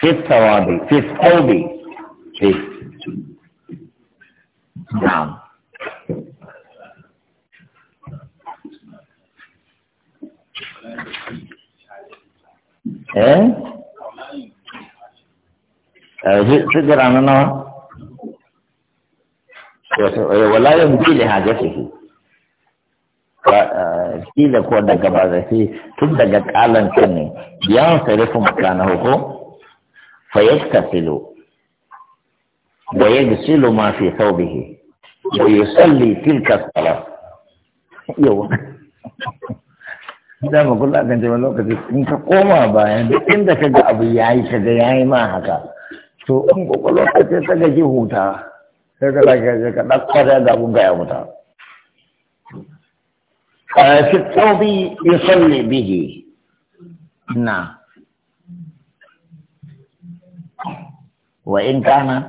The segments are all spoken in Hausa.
في الثواب في الثوب في نعم ايه تقدر عن ولا يمضي لحاجته kila ko daga ba zafi tun daga kalan kan ne ya sarifu makana ko fa yaktasilu wa yagsilu ma fi thawbihi wa yusalli tilka salat yau da mu kula kan jama'a lokaci in ka koma bayan duk inda ka ga abu yayi ka ga yayi ma haka to in kokolo ka ce ta gaji huta sai ka ka ka dakkwata da abun ga ya huta في الطوب يصلي به نعم وإن كان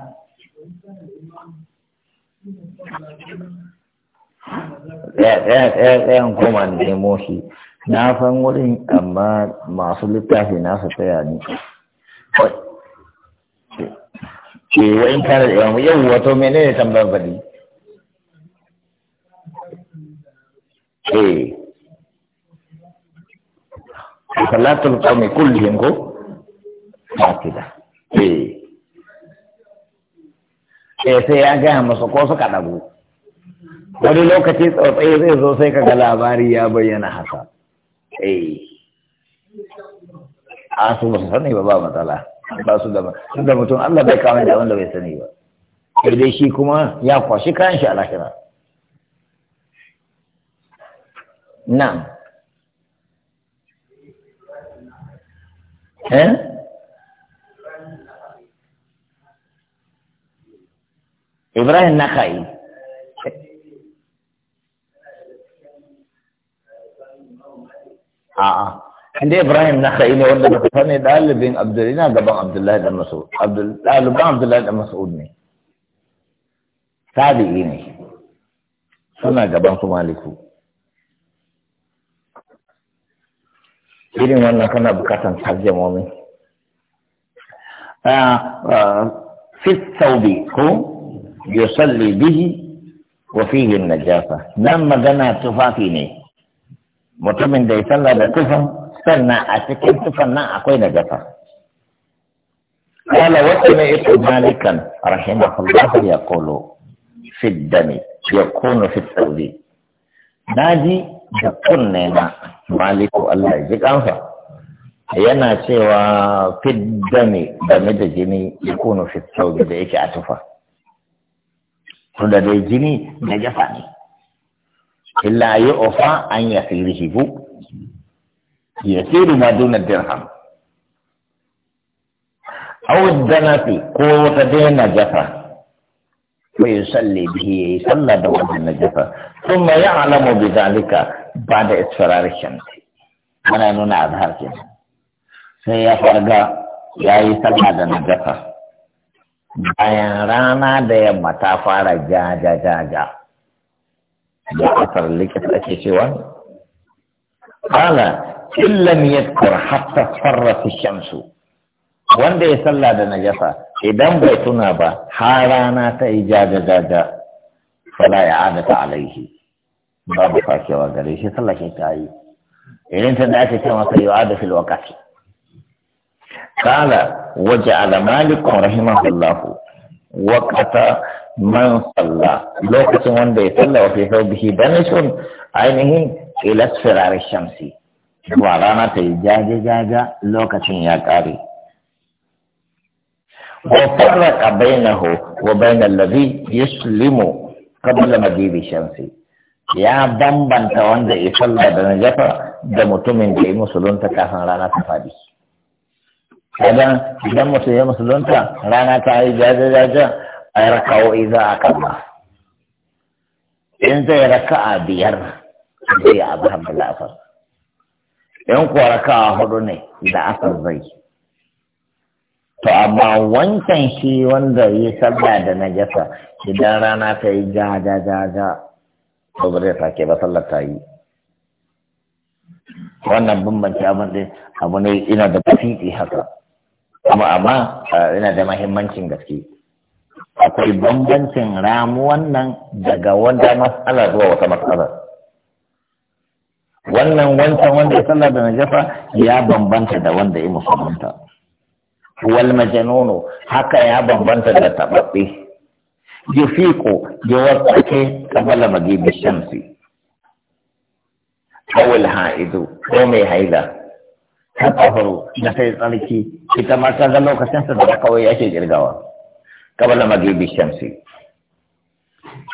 ɗayan kuma nemo shi na san wurin amma masu littafi na su tsaya ne ce wa'in kana da yawon yau wato menene tambar bari eh salatul qawmi kullihim ko fatida eh eh sai ya gaya masa ko suka dago wani lokaci tsautsayi zai zo sai kaga labari ya bayyana haka eh a su ba su sani ba ba matsala ba su da da mutum Allah bai kawo da wanda bai sani ba sai dai shi kuma ya kwashi kayan shi a lahira نعم ها ابراهيم النخعي اه, آه. عند ابراهيم النخعي اللي ولد فني دال بن عبد الله بن عبد الله بن مسعود عبد الله بن عبد الله بن مسعود ني تابعيني سنه قبل صومالكو irin wannan kana bukatan tarjamomi fi saubi ko yusalli bihi wa fihi najasa nan magana tufafi ne mutumin da ya salla da tufa sannan a cikin tufan nan akwai najasa قال وسمعت مالكا رحمه الله يقول في الدم يكون في الثوب ناجي da kunne na maliku Allah ji kansa yana cewa fiddami game da jini ya fi fitsaubi da yake a tufa da dai jini da jafa ne illa yi ofa an ya fi rihibu ya siri ma duna dirham na fi ko wata dai na jafa ويصلي به يصلى دوام النجفة ثم يعلم بذلك بعد إصفرار الشمس أنا نونا أظهر كنا سيا فرقا يا يصلى النجفة بايا رانا دي متافارة جا جا جا جا يا أفر لك قال إن لم يذكر حتى تفرت الشمس wanda ya salla da najasa idan bai tuna ba har rana ta yi jajajaja fala ya adata alaihi babu fashewa gare shi sallah shi ta yi irin ta da ake ce masa yi wa fil wakati kala waje ala malikun rahimahullah wakata man salla lokacin wanda ya salla wa fi saubihi banishun ainihin ila firar shamsi zuwa rana ta yi jajajaja lokacin ya kare وفرق بينه وبين الذي يسلم قبل مجيب الشمس يا بمبن تواند يصلى دنجفا دمتمن دي مسلون تكافن رانا تفادي هذا idan mutum ya musulunta rana ta yi jajajaja a rakawo iza a kama in zai raka a biyar zai abu hamdu la'afar in kuwa raka a hudu ne da asar to amma wancan shi wanda ya sallah da na gasa, idan rana ta yi ja ja ja ja to ba zai sake ba sallar ta yi wannan bambanci abin da abu ne ina da fiti haka amma amma ina da mahimmancin gaske akwai bambancin ramu wannan daga wanda matsala zuwa wata matsala wannan wancan wanda ya sallar da na gasa ya bambanta da wanda ya musulunta wal majnunu haka ya bambanta da tababbi yufiqu yawaqqi qabla maghibi shamsi awal haidu ko mai haila ta tahuru na sai tsarki ita ma ta ga lokacin sa da kawai yake girgawa qabla maghibi shamsi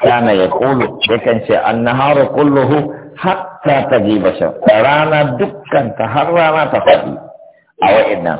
kana yaqulu yakan ce annaharu kulluhu hatta tajiba shams rana dukkan ta har rana ta fadi a wa'annan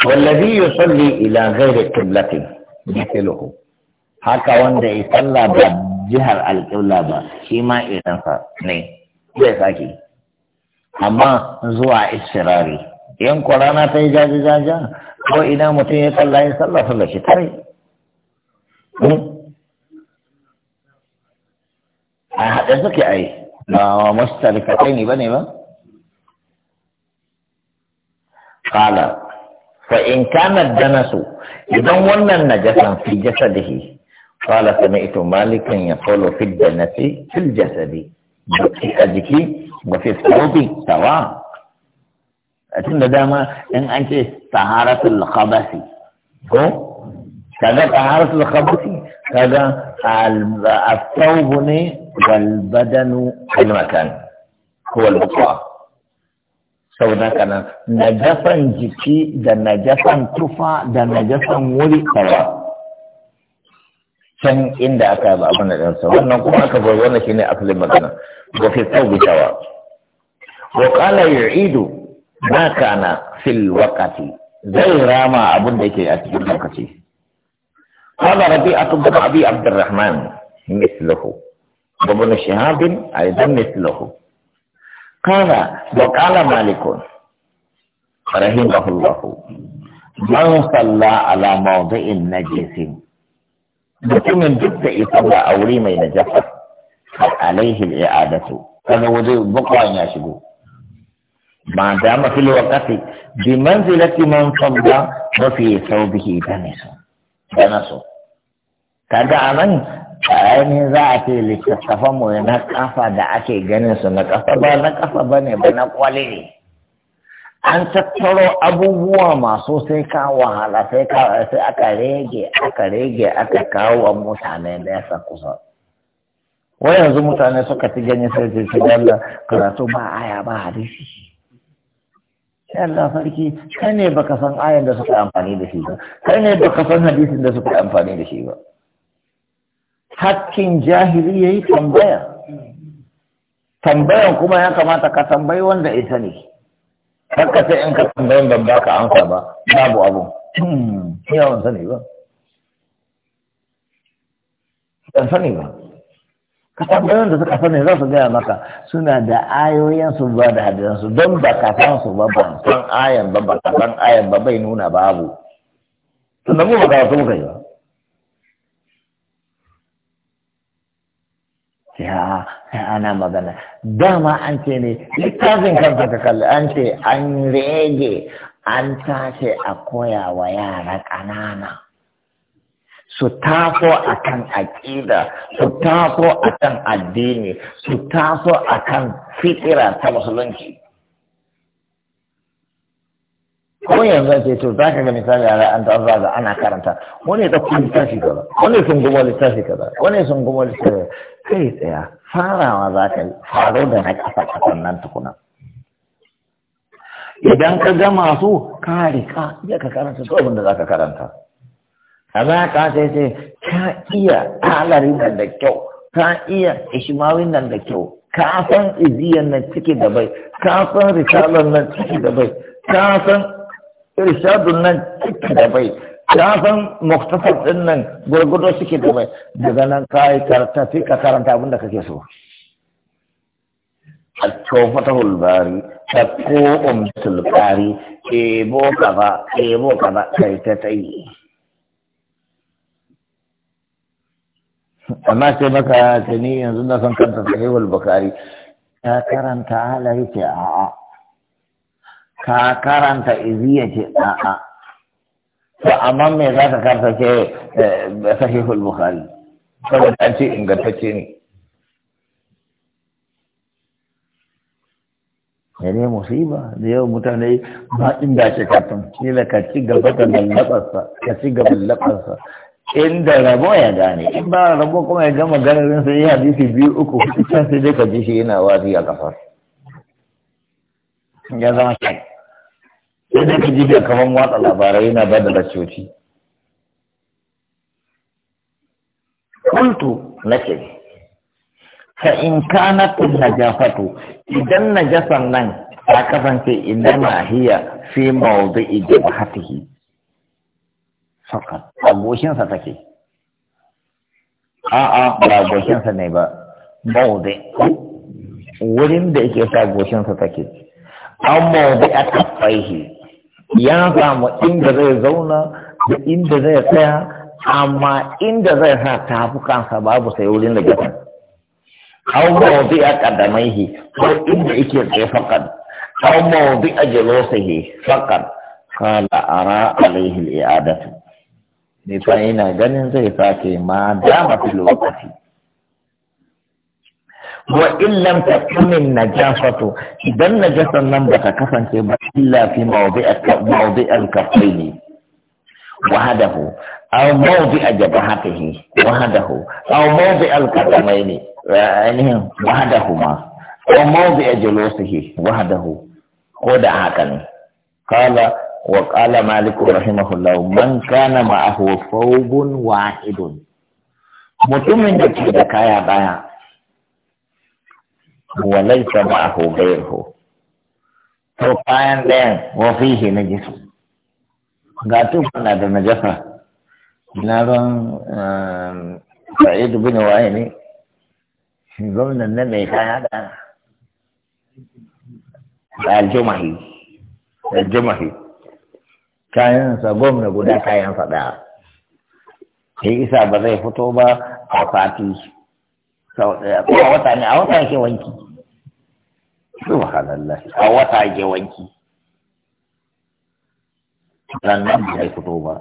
wallazi salli ila ghairi qiblatin mithluhu haka wanda ya salla ba jihar alƙibla ba shi ma irinsa ne zai sake amma zuwa istirari yan rana ta yi jajajaja ko ina mutum ya salla ya salla salla shi tare a haɗe suke ai ba mustarikatai ne ba ne ba قال فإن كانت دنس إذا ولنا النجسا في جسده قال سمعت مالكا يقول في الدنس في الجسد في أجك وفي الثوب سواء أتنا داما إن أنت طهارة الخبث هو كذا طهارة الخبث كذا الثوب والبدن في المكان هو البقاء sau da kana najasan jiki da najasan tufa da najasan wuri kawa can inda aka ba abin da ɗansa wannan kuma aka bar wannan ne asalin magana wa fi tawbi tawa wa ya ido na kana fil zai rama abin da yake a cikin lokaci a tun gaba abi abdurrahman mithluhu wa shahabin a aidan mithluhu قال وقال مالك رحمه الله من صلى على موضع نجس mutumin duk da ita ba a wuri mai najafa alaihi al'adatu kaga waje bukwan ya shigo ma da ma fil waqti bi manzilati man sabda wa fi thawbihi danasu danasu kaga anan a ainihin za a ce littattafan mu na kafa da ake ganin su na kafa ba na kafa ba ne ba na kwale ne an tattaro abubuwa masu sai ka wahala sai ka sai aka rege aka rege aka kawo wa mutane yasa kusa wai yanzu mutane suka ci ganin sai ce ci dalla karatu ba aya ba hadisi sai Allah sarki kai ne baka san ayan da suka amfani da shi ba kai ne baka san hadisin da suka amfani da shi ba hakkin jahili ya yi tambaya tambayan kuma ya kamata ka tambayi wanda ita ne ka sai in ka tambayin ban baka amsa ba babu abu hmm, yawan sani ba ban sani ba ka tambayi wanda suka sani za su gaya maka suna da ayoyin su ba da su don ba ka san su ba ban san ayan ba ba ka san ayan ba bai nuna babu tunda mu ba ka wasu muka yi ba ya ana magana dama an ce ne littafin kansa ka kalli an ce an rege an tashi a koya wa yara ƙanana su tafo a kan aƙida su taso a kan addini su taso a kan fitira ta musulunci ko yanzu ce to za ka ga misali a an ta zaga ana karanta wani da kuma littafi ba wani sun gumo littafi ba wani sun gumo littafi kai tsaya farawa za ka faro da na kasa kasan nan tukuna idan ka gama su ka riƙa iya ka karanta to abin da za ka karanta za ka sai ce ka iya alarin nan da kyau ka iya ishimawin nan da kyau ka san iziyan nan ciki da bai ka san risalar nan ciki da bai ka san irshadun nan cikin da bai ta san muktasar din nan gurgudo suke da bai daga nan kai karanta fi ka karanta abin da kake so hakko fatahul bari hakko umtul bari ebo kaza ebo kaza kai ta tai amma sai maka tani yanzu na san kanta sahihul bukhari ta karanta halaye ce a'a ka karanta iziya ce a'a to amma me za ka karanta ce eh, sahihul bukhari saboda an ce ingantacce ne yare musiba da yau mutane ba inda ce kafin kila ka ci gaba da lallabarsa ka ci gaba lallabarsa inda rabo ya gane in ba rabo kuma ya gama ganarin sai ya hadisi biyu uku can sai dai ka ji shi yana wazi a kafar ya zama shi sai da kaji da kamar watsa labarai yana ba da laccoci kultu nake ka in kanat najafatu idan najasan nan ta kasance inama hiya fi mawdi'i jabhatihi fakat ta take a'a ba aboshinsa ne ba mawdi wurin da yake sa goshinsa take an mawdi a kafaihi ya samu inda zai zauna da inda zai tsaya amma inda zai sa tafukansa babu sai wurin da gaban aw ƙaddamai qadamaihi ko inda yake tsaye faqad aw mawdi'a jalosihi faqad qala ara alaihi al-i'adatu ne fa ina ganin zai sake ma dama fil wa illam na jafatu, idan na najasan nan ba ta kasance ba illa fi mawdi al-kaffaini wahadahu aw mawdi ajabahatihi wahadahu aw mawdi al-qadamaini ainihin hadahu ma aw mawdi wa hadahu ko da haka ne qala wa qala malik rahimahullah man kana ma'ahu thawbun wahidun mutumin da ke da kaya baya. وليس معه غيره to bayan ɗayan wafihi na gisu ga tufana da najasa na ran bin waye ne gwamnan ne mai kaya da aljimahi aljimahi kayansa gwamna guda kayansa ɗaya ya isa ba zai fito ba a fati sau ɗaya ko a wata ne a wata yake wanki subhanallah a wata yake wanki sannan bai fito ba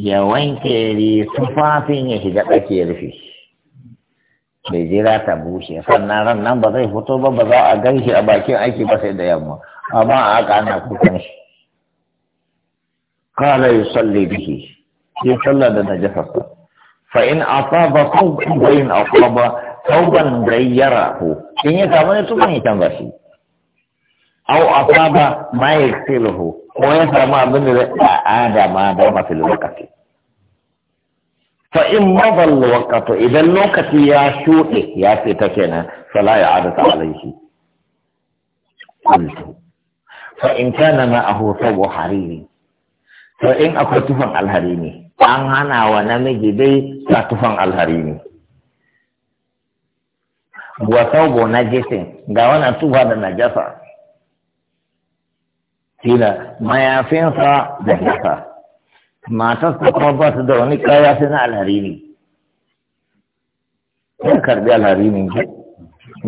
ya wanke ri tufafin ya shiga ɗaki ya rufe bai jira ta bushe sannan ran nan ba zai fito ba ba za a gan shi a bakin aiki ba sai da yamma amma a haka ana kukan shi kala yusalli bihi sai sallah da najasa fa in asaba sawban wa in asaba tauban ya ko in ya samu ne tuban ya canza shi au asaba ma filhu ko ya samu abin da zai ada ma da ma fil lokaci fa in madha al idan lokaci ya shuɗe ya ta kenan fala ta alayhi fa in kana ma'ahu sabu hariri to in akwai tufan alharini. an hana wa namiji dai sa tufan alharini. wa saubo na jisin ga wannan tufa da najasa kila mayafinsa da najasa matarsa kuma ba su da wani kaya sai na alharini ya karbi alharinin ki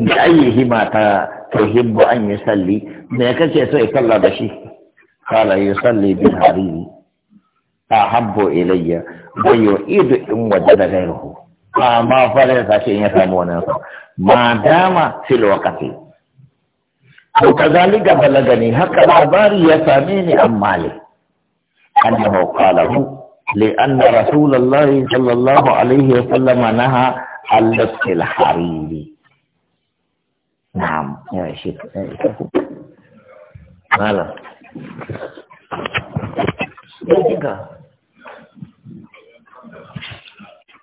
da ayyihi mata tuhibbu an yi salli me kake so ya salla da shi kala yi salli bin hariri ahabbu ilayya wa yu'idu in da ghayruhu ba ma fara da in ya samu wani sa ma dama fil wakati to kazalika balagani haka labari ya same ni amma ne. annahu qala hu li anna rasulullahi sallallahu alaihi wa sallama naha al lafsil hariri na'am ya shi malam Thank you.